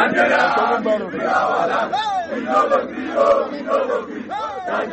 Bandera, viva Balán, viva We are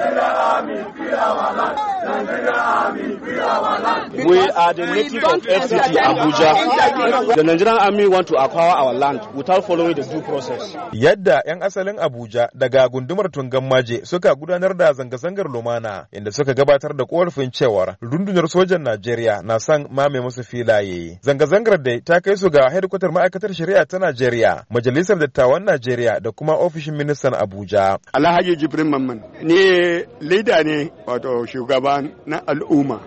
the native of FCT Abuja. The Nigerian army want to acquire our land without following the due process. Yadda 'yan asalin Abuja daga gundumar Tungan Maje suka gudanar da zanga-zangar lumana inda suka gabatar da korafin cewar rundunar sojan Najeriya na san mame musu filaye. Zanga-zangar da ta kai su ga hedkwatar ma'aikatar shari'a ta Najeriya, Majalisar Dattawan Najeriya da kuma ofishin ministan Abuja. Alhaji Jibrin Mamman. ni eh lida ne wato shugaba na al'umma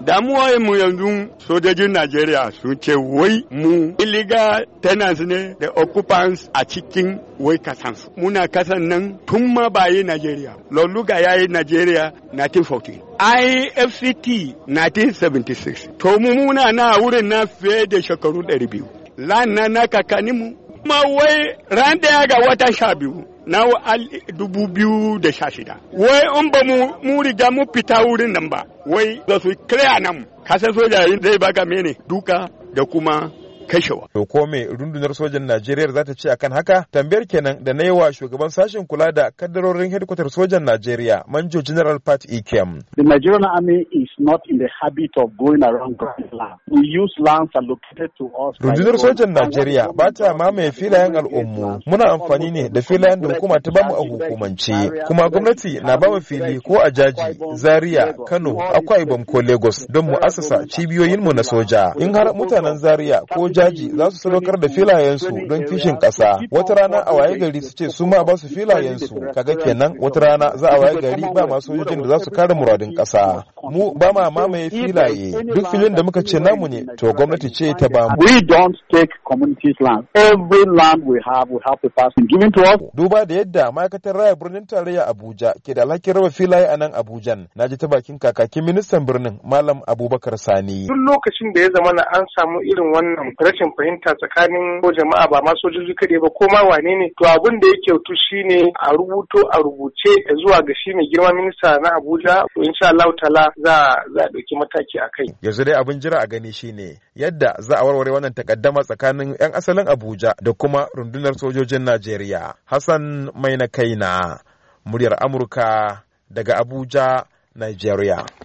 damuwa mu yanzu sojojin Najeriya sun ce wai mu iliga tenants ne da occupants a cikin wai kasansu muna kasan nan tun ma baye Najeriya lulluga ya yi Najeriya 1914 IFCT 1976 to mu muna na wurin na fiye da shekaru 200 lan na mu. ma wai ran daya ga wata sha biyu na dubu biyu da sha shida. Wai in ba mu riga mu fita wurin nan ba, wai za su kira nan. Kasar soja yin. zai baka mene duka da kuma kashewa. To ko me rundunar sojan Najeriya za ta ce akan haka? Tambayar kenan da na yi wa shugaban sashen kula da kaddarorin hedikwatar sojan Najeriya, Manjo General Pat Ikem. The Nigerian Army is not in the habit of going around grabbing land. We use lands allocated to us. Rundunar sojan Najeriya ba ta mamaye filayen al'ummu. Muna amfani ne da filayen da hukuma ta bamu a hukumance. Kuma gwamnati na bamu fili ko a jaji, Zaria, Kano, Akwa Ibom ko Lagos don mu asasa cibiyoyinmu na soja. In har mutanen Zaria ko jaji za su sadaukar da filayensu don kishin ƙasa wata rana a waye gari su ce su ma ba su filayensu kaga kenan wata rana za a waye gari ba masu sojojin da za su kare muradin ƙasa mu ba ma mamaye filaye duk filin da muka ce namu ne to gwamnati ce ta ba mu we don't take communities land every land we have we have the pass. given to us duba da yadda ma'aikatar raya birnin tarayya Abuja ke da alhakin raba filaye a nan Abujan ji ta bakin kakakin ministan birnin malam Abubakar Sani duk lokacin da ya zama na an samu irin wannan rashin fahimta tsakanin jama'a ba ma sojoji kaɗai ba ko ma wane ne to abin da ya kyautu shine a rubuto a rubuce zuwa ga shi mai girma minista na Abuja to insha Allah ta'ala za a ɗauki mataki a kai. Yanzu dai abin jira a gani shine yadda za a warware wannan takaddama tsakanin 'yan asalin Abuja da kuma rundunar sojojin Najeriya. Hassan Mai na kaina, muryar Amurka daga Abuja, Najeriya.